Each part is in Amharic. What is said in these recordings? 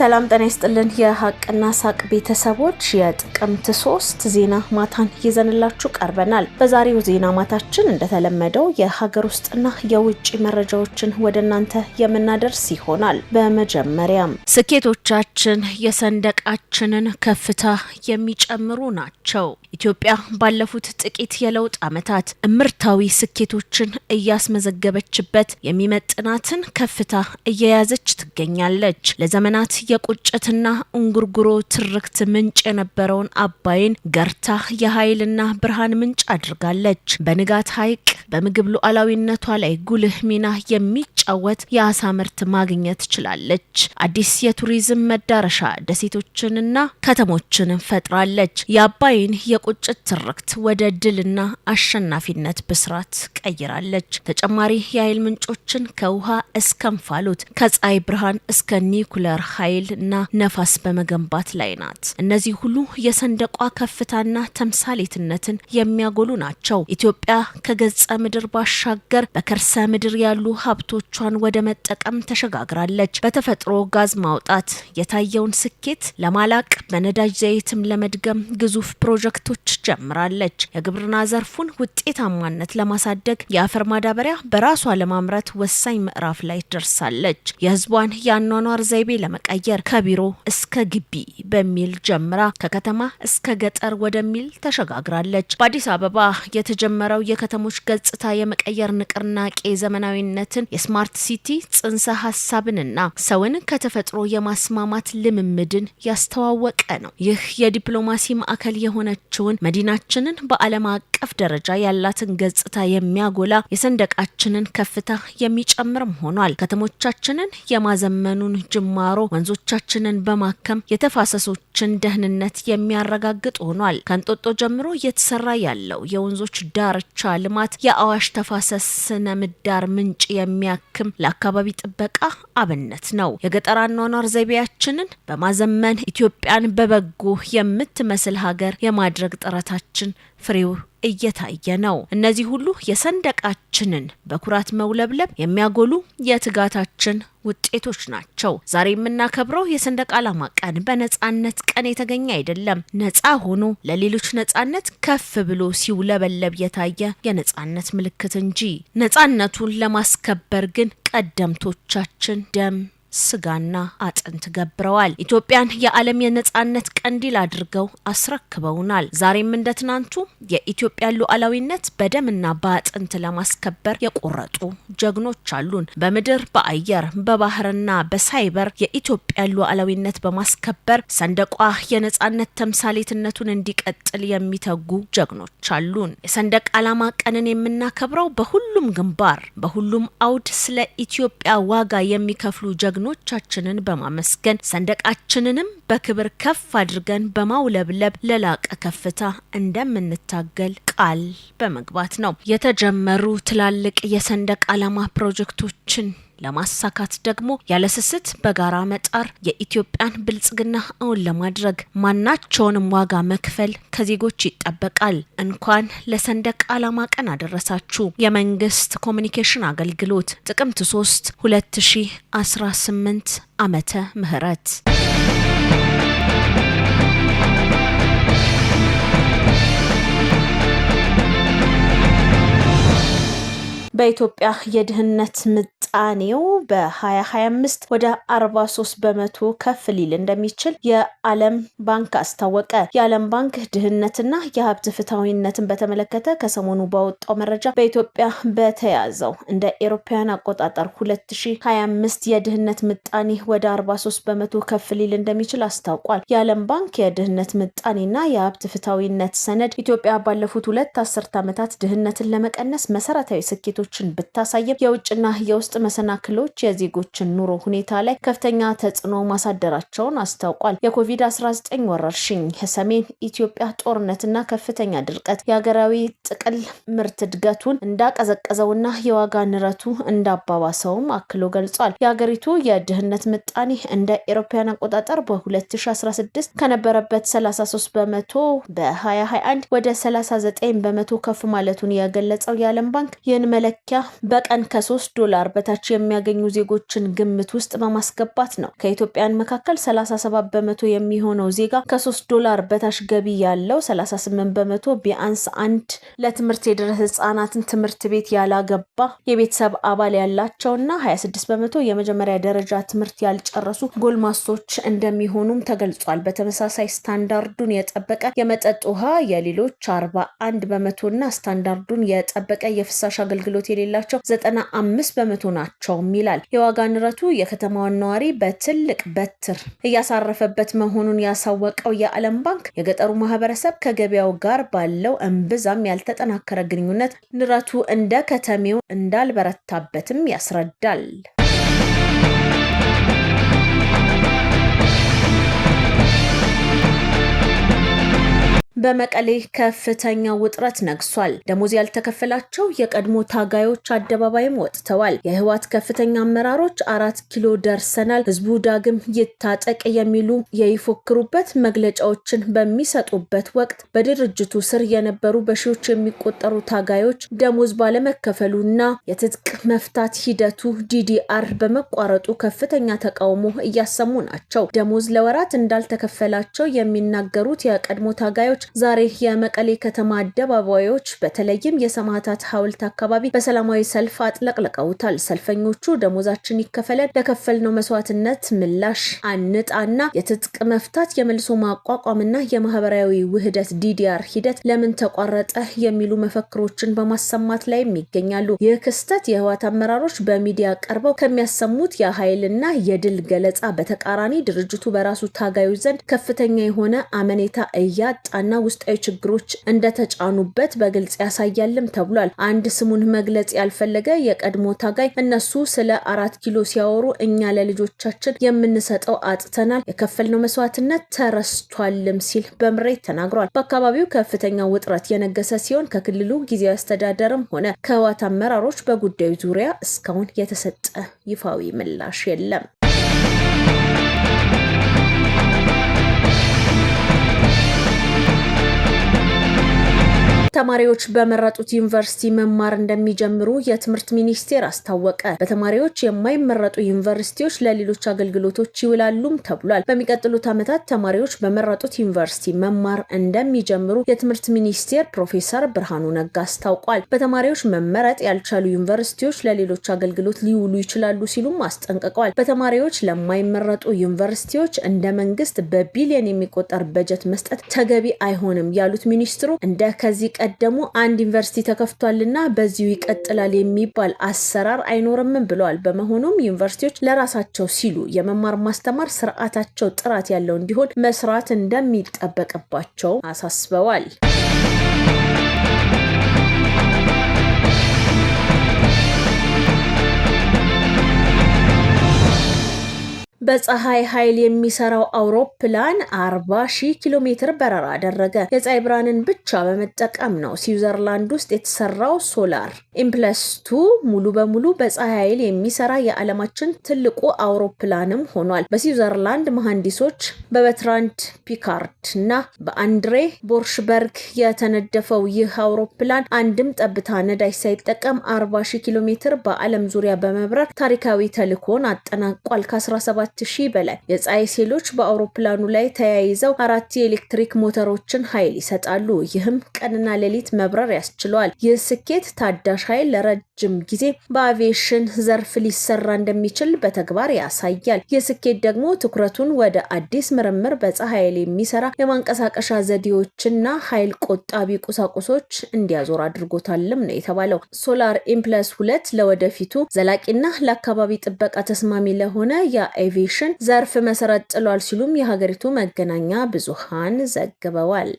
ሰላም ጤና ይስጥልን። የሀቅና ሳቅ ቤተሰቦች የጥቅምት ሶስት ዜና ማታን ይዘንላችሁ ቀርበናል። በዛሬው ዜና ማታችን እንደተለመደው የሀገር ውስጥና የውጭ መረጃዎችን ወደ እናንተ የምናደርስ ይሆናል። በመጀመሪያም ስኬቶቻችን የሰንደቃችንን ከፍታ የሚጨምሩ ናቸው። ኢትዮጵያ ባለፉት ጥቂት የለውጥ ዓመታት እምርታዊ ስኬቶችን እያስመዘገበችበት የሚመጥናትን ከፍታ እየያዘች ትገኛለች። ለዘመናት የቁጭትና እንጉርጉሮ ትርክት ምንጭ የነበረውን አባይን ገርታ የኃይልና ብርሃን ምንጭ አድርጋለች። በንጋት ሐይቅ በምግብ ሉዓላዊነቷ ላይ ጉልህ ሚና የሚጫወት የአሳ ምርት ማግኘት ችላለች። አዲስ የቱሪዝም መዳረሻ ደሴቶችንና ከተሞችን ፈጥራለች። የአባይን የቁጭት ትርክት ወደ ድልና አሸናፊነት ብስራት ቀይራለች። ተጨማሪ የኃይል ምንጮችን ከውሃ እስከ እንፋሎት ከፀሐይ ብርሃን እስከ ኒኩለር ኃይል ኃይል እና ነፋስ በመገንባት ላይ ናት። እነዚህ ሁሉ የሰንደቋ ከፍታና ተምሳሌትነትን የሚያጎሉ ናቸው። ኢትዮጵያ ከገጸ ምድር ባሻገር በከርሰ ምድር ያሉ ሀብቶቿን ወደ መጠቀም ተሸጋግራለች። በተፈጥሮ ጋዝ ማውጣት የታየውን ስኬት ለማላቅ በነዳጅ ዘይትም ለመድገም ግዙፍ ፕሮጀክቶች ጀምራለች። የግብርና ዘርፉን ውጤታማነት ለማሳደግ የአፈር ማዳበሪያ በራሷ ለማምረት ወሳኝ ምዕራፍ ላይ ደርሳለች። የህዝቧን የአኗኗር ዘይቤ ለመቀየር አየር ከቢሮ እስከ ግቢ በሚል ጀምራ ከከተማ እስከ ገጠር ወደሚል ተሸጋግራለች። በአዲስ አበባ የተጀመረው የከተሞች ገጽታ የመቀየር ንቅናቄ ዘመናዊነትን፣ የስማርት ሲቲ ጽንሰ ሀሳብንና ሰውን ከተፈጥሮ የማስማማት ልምምድን ያስተዋወቀ ነው። ይህ የዲፕሎማሲ ማዕከል የሆነችውን መዲናችንን በዓለም አቀፍ ደረጃ ያላትን ገጽታ የሚያጎላ የሰንደቃችንን ከፍታ የሚጨምርም ሆኗል። ከተሞቻችንን የማዘመኑን ጅማሮ ወንዞ ወንዞቻችንን በማከም የተፋሰሶችን ደህንነት የሚያረጋግጥ ሆኗል። ከእንጦጦ ጀምሮ እየተሰራ ያለው የወንዞች ዳርቻ ልማት የአዋሽ ተፋሰስ ስነ ምህዳር ምንጭ የሚያክም ለአካባቢ ጥበቃ አብነት ነው። የገጠር አኗኗር ዘይቤያችንን በማዘመን ኢትዮጵያን በበጎ የምትመስል ሀገር የማድረግ ጥረታችን ፍሬው እየታየ ነው። እነዚህ ሁሉ የሰንደቃችንን በኩራት መውለብለብ የሚያጎሉ የትጋታችን ውጤቶች ናቸው። ዛሬ የምናከብረው የሰንደቅ ዓላማ ቀን በነጻነት ቀን የተገኘ አይደለም። ነጻ ሆኖ ለሌሎች ነጻነት ከፍ ብሎ ሲውለበለብ የታየ የነጻነት ምልክት እንጂ ነጻነቱን ለማስከበር ግን ቀደምቶቻችን ደም ስጋና አጥንት ገብረዋል። ኢትዮጵያን የዓለም የነጻነት ቀንዲል አድርገው አስረክበውናል። ዛሬም እንደ ትናንቱ የኢትዮጵያ ሉዓላዊነት በደምና በአጥንት ለማስከበር የቆረጡ ጀግኖች አሉን። በምድር በአየር በባህርና በሳይበር የኢትዮጵያ ሉዓላዊነት በማስከበር ሰንደቋ የነጻነት ተምሳሌትነቱን እንዲቀጥል የሚተጉ ጀግኖች አሉን። የሰንደቅ ዓላማ ቀንን የምናከብረው በሁሉም ግንባር፣ በሁሉም አውድ ስለ ኢትዮጵያ ዋጋ የሚከፍሉ ጀግኖች ጀግኖቻችንን በማመስገን ሰንደቃችንንም በክብር ከፍ አድርገን በማውለብለብ ለላቀ ከፍታ እንደምንታገል ቃል በመግባት ነው የተጀመሩ ትላልቅ የሰንደቅ ዓላማ ፕሮጀክቶችን ለማሳካት ደግሞ ያለስስት በጋራ መጣር የኢትዮጵያን ብልጽግና እውን ለማድረግ ማናቸውንም ዋጋ መክፈል ከዜጎች ይጠበቃል። እንኳን ለሰንደቅ ዓላማ ቀን አደረሳችሁ። የመንግስት ኮሚኒኬሽን አገልግሎት ጥቅምት 3 2018 ዓመተ ምህረት በኢትዮጵያ የድህነት ምጣኔው በ2025 ወደ 43 በመቶ ከፍ ሊል እንደሚችል የዓለም ባንክ አስታወቀ። የዓለም ባንክ ድህነትና የሀብት ፍትሐዊነትን በተመለከተ ከሰሞኑ ባወጣው መረጃ በኢትዮጵያ በተያዘው እንደ ኤሮፓውያን አቆጣጠር 2025 የድህነት ምጣኔ ወደ 43 በመቶ ከፍ ሊል እንደሚችል አስታውቋል። የዓለም ባንክ የድህነት ምጣኔና የሀብት ፍትሐዊነት ሰነድ ኢትዮጵያ ባለፉት ሁለት አስርት ዓመታት ድህነትን ለመቀነስ መሰረታዊ ስኬቶችን ብታሳይም የውጭና የውስጥ መሰናክሎች የዜጎችን ኑሮ ሁኔታ ላይ ከፍተኛ ተጽዕኖ ማሳደራቸውን አስታውቋል። የኮቪድ-19 ወረርሽኝ፣ የሰሜን ኢትዮጵያ ጦርነትና ከፍተኛ ድርቀት የሀገራዊ ጥቅል ምርት እድገቱን እንዳቀዘቀዘውና የዋጋ ንረቱ እንዳባባሰውም አክሎ ገልጿል። የሀገሪቱ የድህነት ምጣኔ እንደ ኤሮፓያን አቆጣጠር በ2016 ከነበረበት 33 በመቶ በ2021 ወደ 39 በመቶ ከፍ ማለቱን የገለጸው የዓለም ባንክ ይህን መለኪያ በቀን ከ3 ዶላር በታ በታች የሚያገኙ ዜጎችን ግምት ውስጥ በማስገባት ነው። ከኢትዮጵያን መካከል 37 በመቶ የሚሆነው ዜጋ ከ3 ዶላር በታች ገቢ ያለው፣ 38 በመቶ ቢያንስ አንድ ለትምህርት የደረሰ ህጻናትን ትምህርት ቤት ያላገባ የቤተሰብ አባል ያላቸውና 26 በመቶ የመጀመሪያ ደረጃ ትምህርት ያልጨረሱ ጎልማሶች እንደሚሆኑም ተገልጿል። በተመሳሳይ ስታንዳርዱን የጠበቀ የመጠጥ ውሃ የሌሎች 41 በመቶና ስታንዳርዱን የጠበቀ የፍሳሽ አገልግሎት የሌላቸው 95 በመቶ ናቸው። ናቸውም ይላል። የዋጋ ንረቱ የከተማዋን ነዋሪ በትልቅ በትር እያሳረፈበት መሆኑን ያሳወቀው የዓለም ባንክ የገጠሩ ማህበረሰብ ከገበያው ጋር ባለው እምብዛም ያልተጠናከረ ግንኙነት ንረቱ እንደ ከተሜው እንዳልበረታበትም ያስረዳል። በመቀሌ ከፍተኛ ውጥረት ነግሷል። ደሞዝ ያልተከፈላቸው የቀድሞ ታጋዮች አደባባይም ወጥተዋል። የህወሓት ከፍተኛ አመራሮች አራት ኪሎ ደርሰናል፣ ህዝቡ ዳግም ይታጠቅ የሚሉ የይፎክሩበት መግለጫዎችን በሚሰጡበት ወቅት በድርጅቱ ስር የነበሩ በሺዎች የሚቆጠሩ ታጋዮች ደሞዝ ባለመከፈሉና የትጥቅ መፍታት ሂደቱ ዲዲአር በመቋረጡ ከፍተኛ ተቃውሞ እያሰሙ ናቸው። ደሞዝ ለወራት እንዳልተከፈላቸው የሚናገሩት የቀድሞ ታጋዮች ዛሬ የመቀሌ ከተማ አደባባዮች በተለይም የሰማዕታት ሐውልት አካባቢ በሰላማዊ ሰልፍ አጥለቅልቀውታል። ሰልፈኞቹ ደሞዛችን ይከፈለን፣ ለከፈልነው መስዋዕትነት ምላሽ አንጣና የትጥቅ መፍታት፣ የመልሶ ማቋቋምና የማህበራዊ ውህደት ዲዲአር ሂደት ለምን ተቋረጠ የሚሉ መፈክሮችን በማሰማት ላይም ይገኛሉ። ይህ ክስተት የህወሓት አመራሮች በሚዲያ ቀርበው ከሚያሰሙት የኃይልና የድል ገለጻ በተቃራኒ ድርጅቱ በራሱ ታጋዮች ዘንድ ከፍተኛ የሆነ አመኔታ እያጣና ውስጣዊ ችግሮች እንደተጫኑበት በግልጽ ያሳያልም ተብሏል። አንድ ስሙን መግለጽ ያልፈለገ የቀድሞ ታጋይ እነሱ ስለ አራት ኪሎ ሲያወሩ እኛ ለልጆቻችን የምንሰጠው አጥተናል፣ የከፈልነው መስዋዕትነት ተረስቷልም ሲል በምሬት ተናግሯል። በአካባቢው ከፍተኛ ውጥረት የነገሰ ሲሆን ከክልሉ ጊዜያዊ አስተዳደርም ሆነ ከህወሓት አመራሮች በጉዳዩ ዙሪያ እስካሁን የተሰጠ ይፋዊ ምላሽ የለም። ተማሪዎች በመረጡት ዩኒቨርሲቲ መማር እንደሚጀምሩ የትምህርት ሚኒስቴር አስታወቀ። በተማሪዎች የማይመረጡ ዩኒቨርሲቲዎች ለሌሎች አገልግሎቶች ይውላሉም ተብሏል። በሚቀጥሉት ዓመታት ተማሪዎች በመረጡት ዩኒቨርሲቲ መማር እንደሚጀምሩ የትምህርት ሚኒስቴር ፕሮፌሰር ብርሃኑ ነጋ አስታውቋል። በተማሪዎች መመረጥ ያልቻሉ ዩኒቨርሲቲዎች ለሌሎች አገልግሎት ሊውሉ ይችላሉ ሲሉም አስጠንቅቀዋል። በተማሪዎች ለማይመረጡ ዩኒቨርሲቲዎች እንደ መንግስት በቢሊየን የሚቆጠር በጀት መስጠት ተገቢ አይሆንም ያሉት ሚኒስትሩ እንደ ከዚህ ቀደሙ አንድ ዩኒቨርሲቲ ተከፍቷልና በዚሁ ይቀጥላል የሚባል አሰራር አይኖርምም ብለዋል። በመሆኑም ዩኒቨርሲቲዎች ለራሳቸው ሲሉ የመማር ማስተማር ስርዓታቸው ጥራት ያለው እንዲሆን መስራት እንደሚጠበቅባቸው አሳስበዋል። በፀሐይ ኃይል የሚሰራው አውሮፕላን አርባ ሺህ ኪሎ ሜትር በረራ አደረገ። የፀሐይ ብርሃንን ብቻ በመጠቀም ነው ስዊዘርላንድ ውስጥ የተሰራው ሶላር ኢምፕለስቱ ሙሉ በሙሉ በፀሐይ ኃይል የሚሰራ የዓለማችን ትልቁ አውሮፕላንም ሆኗል። በስዊዘርላንድ መሐንዲሶች በበትራንድ ፒካርድ እና በአንድሬ ቦርሽበርግ የተነደፈው ይህ አውሮፕላን አንድም ጠብታ ነዳጅ ሳይጠቀም አርባ ሺህ ኪሎ ሜትር በዓለም ዙሪያ በመብረር ታሪካዊ ተልዕኮን አጠናቋል። ከ17 ከ ሺህ በላይ የፀሐይ ሴሎች በአውሮፕላኑ ላይ ተያይዘው አራት የኤሌክትሪክ ሞተሮችን ኃይል ይሰጣሉ። ይህም ቀንና ሌሊት መብረር ያስችለዋል። ይህ ስኬት ታዳሽ ኃይል ለረጅም ጊዜ በአቪዬሽን ዘርፍ ሊሰራ እንደሚችል በተግባር ያሳያል። ይህ ስኬት ደግሞ ትኩረቱን ወደ አዲስ ምርምር፣ በፀሐይ ኃይል የሚሰራ የማንቀሳቀሻ ዘዴዎችና ኃይል ቆጣቢ ቁሳቁሶች እንዲያዞር አድርጎታልም ነው የተባለው። ሶላር ኢምፕለስ ሁለት ለወደፊቱ ዘላቂና ለአካባቢ ጥበቃ ተስማሚ ለሆነ የአይቪ አቪዬሽን ዘርፍ መሰረት ጥሏል ሲሉም የሀገሪቱ መገናኛ ብዙሃን ዘግበዋል።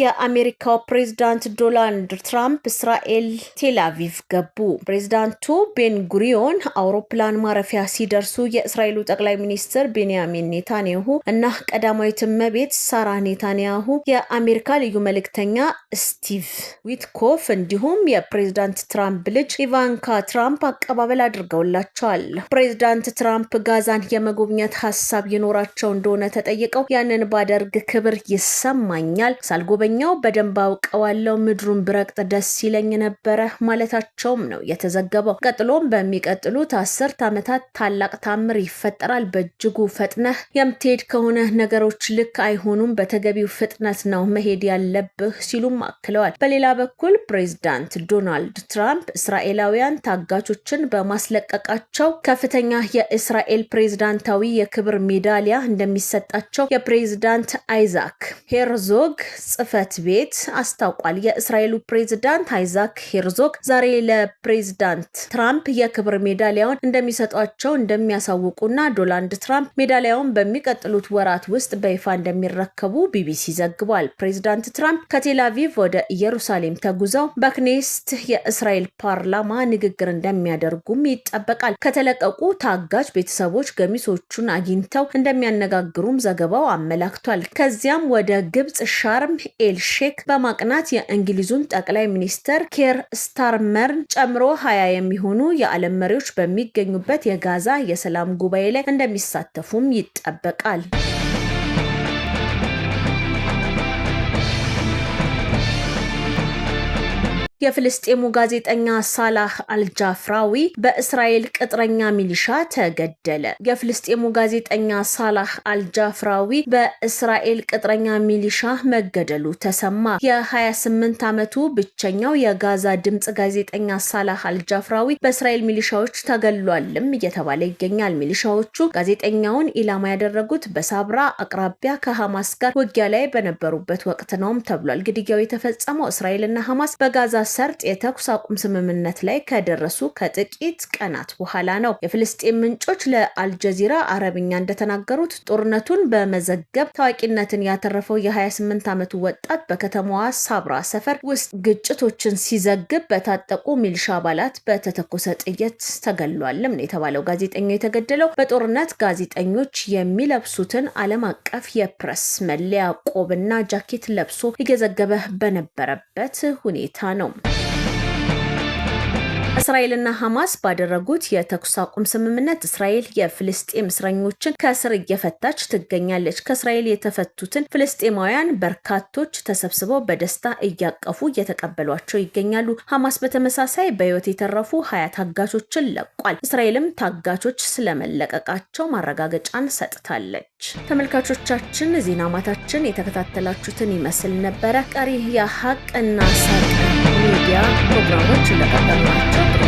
የአሜሪካው ፕሬዝዳንት ዶናልድ ትራምፕ እስራኤል ቴላቪቭ ገቡ። ፕሬዝዳንቱ ቤን ጉሪዮን አውሮፕላን ማረፊያ ሲደርሱ የእስራኤሉ ጠቅላይ ሚኒስትር ቤንያሚን ኔታንያሁ እና ቀዳማዊት እመቤት ሳራ ኔታንያሁ፣ የአሜሪካ ልዩ መልእክተኛ ስቲቭ ዊትኮፍ እንዲሁም የፕሬዝዳንት ትራምፕ ልጅ ኢቫንካ ትራምፕ አቀባበል አድርገውላቸዋል። ፕሬዝዳንት ትራምፕ ጋዛን የመጎብኘት ሀሳብ ይኖራቸው እንደሆነ ተጠይቀው ያንን ባደርግ ክብር ይሰማኛል ሳልጎበ ስጎበኘው በደንብ አውቀዋለው፣ ምድሩን ብረቅጥ ደስ ይለኝ ነበረ ማለታቸውም ነው የተዘገበው። ቀጥሎም በሚቀጥሉት አስርት ዓመታት ታላቅ ታምር ይፈጠራል። በእጅጉ ፈጥነህ የምትሄድ ከሆነ ነገሮች ልክ አይሆኑም። በተገቢው ፍጥነት ነው መሄድ ያለብህ ሲሉም አክለዋል። በሌላ በኩል ፕሬዚዳንት ዶናልድ ትራምፕ እስራኤላውያን ታጋቾችን በማስለቀቃቸው ከፍተኛ የእስራኤል ፕሬዝዳንታዊ የክብር ሜዳሊያ እንደሚሰጣቸው የፕሬዝዳንት አይዛክ ሄርዞግ ጽፈ ጽህፈት ቤት አስታውቋል። የእስራኤሉ ፕሬዚዳንት አይዛክ ሄርዞግ ዛሬ ለፕሬዚዳንት ትራምፕ የክብር ሜዳሊያውን እንደሚሰጧቸው እንደሚያሳውቁና ዶናልድ ትራምፕ ሜዳሊያውን በሚቀጥሉት ወራት ውስጥ በይፋ እንደሚረከቡ ቢቢሲ ዘግቧል። ፕሬዚዳንት ትራምፕ ከቴላቪቭ ወደ ኢየሩሳሌም ተጉዘው በክኔስት የእስራኤል ፓርላማ ንግግር እንደሚያደርጉም ይጠበቃል። ከተለቀቁ ታጋች ቤተሰቦች ገሚሶቹን አግኝተው እንደሚያነጋግሩም ዘገባው አመላክቷል። ከዚያም ወደ ግብጽ ሻርም ኤል ሼክ በማቅናት የእንግሊዙን ጠቅላይ ሚኒስተር ኬር ስታርመርን ጨምሮ ሀያ የሚሆኑ የዓለም መሪዎች በሚገኙበት የጋዛ የሰላም ጉባኤ ላይ እንደሚሳተፉም ይጠበቃል። የፍልስጤሙ ጋዜጠኛ ሳላህ አልጃፍራዊ በእስራኤል ቅጥረኛ ሚሊሻ ተገደለ። የፍልስጤሙ ጋዜጠኛ ሳላህ አልጃፍራዊ በእስራኤል ቅጥረኛ ሚሊሻ መገደሉ ተሰማ። የ28 ዓመቱ ብቸኛው የጋዛ ድምፅ ጋዜጠኛ ሳላህ አልጃፍራዊ በእስራኤል ሚሊሻዎች ተገሏልም እየተባለ ይገኛል። ሚሊሻዎቹ ጋዜጠኛውን ኢላማ ያደረጉት በሳብራ አቅራቢያ ከሐማስ ጋር ውጊያ ላይ በነበሩበት ወቅት ነውም ተብሏል። ግድያው የተፈጸመው እስራኤልና ሐማስ በጋዛ ሰርጥ የተኩስ አቁም ስምምነት ላይ ከደረሱ ከጥቂት ቀናት በኋላ ነው። የፍልስጤም ምንጮች ለአልጀዚራ አረብኛ እንደተናገሩት ጦርነቱን በመዘገብ ታዋቂነትን ያተረፈው የ28 ዓመቱ ወጣት በከተማዋ ሳብራ ሰፈር ውስጥ ግጭቶችን ሲዘግብ በታጠቁ ሚልሻ አባላት በተተኮሰ ጥይት ተገሏልም ነው የተባለው። ጋዜጠኛው የተገደለው በጦርነት ጋዜጠኞች የሚለብሱትን ዓለም አቀፍ የፕረስ መለያ ቆብና ጃኬት ለብሶ እየዘገበ በነበረበት ሁኔታ ነው። እስራኤልና ሐማስ ባደረጉት የተኩስ አቁም ስምምነት እስራኤል የፍልስጤም እስረኞችን ከእስር እየፈታች ትገኛለች። ከእስራኤል የተፈቱትን ፍልስጤማውያን በርካቶች ተሰብስበው በደስታ እያቀፉ እየተቀበሏቸው ይገኛሉ። ሐማስ በተመሳሳይ በሕይወት የተረፉ ሀያ ታጋቾችን ለቋል። እስራኤልም ታጋቾች ስለመለቀቃቸው ማረጋገጫን ሰጥታለች። ተመልካቾቻችን ዜና ማታችን የተከታተላችሁትን ይመስል ነበረ። ቀሪ የሀቅና ሳቅ ሚዲያ ፕሮግራሞች እንደቀጠሉ ናቸው።